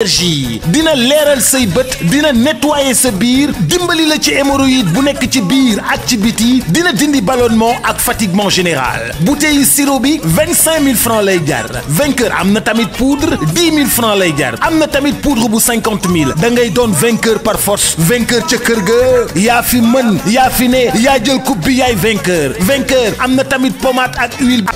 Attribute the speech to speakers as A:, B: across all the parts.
A: énergie dina leeral say bët dina nettoyer sa biir dimbali la ci hémorroïde bu nekk ci biir ak ci biti dina dindi ballonnement ak fatiguement général bouteille sirop bi vingt cinq mille francs lay jar vainqueur am na tamit poudre dix mille francs lay jar am na tamit poudre bu cinquante mille da ngay doon vainqueur par force vainqueur ca kër ga yaa fi mën yaa fi ne yaa jël coupe bi yaay vainqueur vainqueur am na tamit pommade ak huile.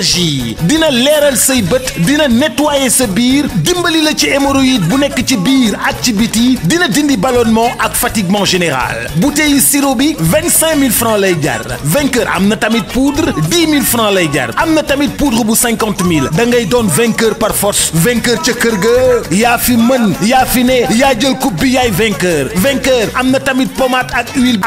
A: énergie dina leeral say bët dina nettoyer sa biir dimbali la ci hémorroïde bu nekk ci biir ak ci biti dina dindi ballonnement ak fatiguement général bouteille sirop bi vingt cinq mille francs lay jar vainqueur am na tamit poudre dix mille francs lay jar am na tamit poudre bu cinquante mille da ngay doon vainqueur par force vainqueur ca kër ga yaa fi mën yaa fi ne yaa jël coupe bi yaay vainqueur vainqueur am na tamit pommade ak huile.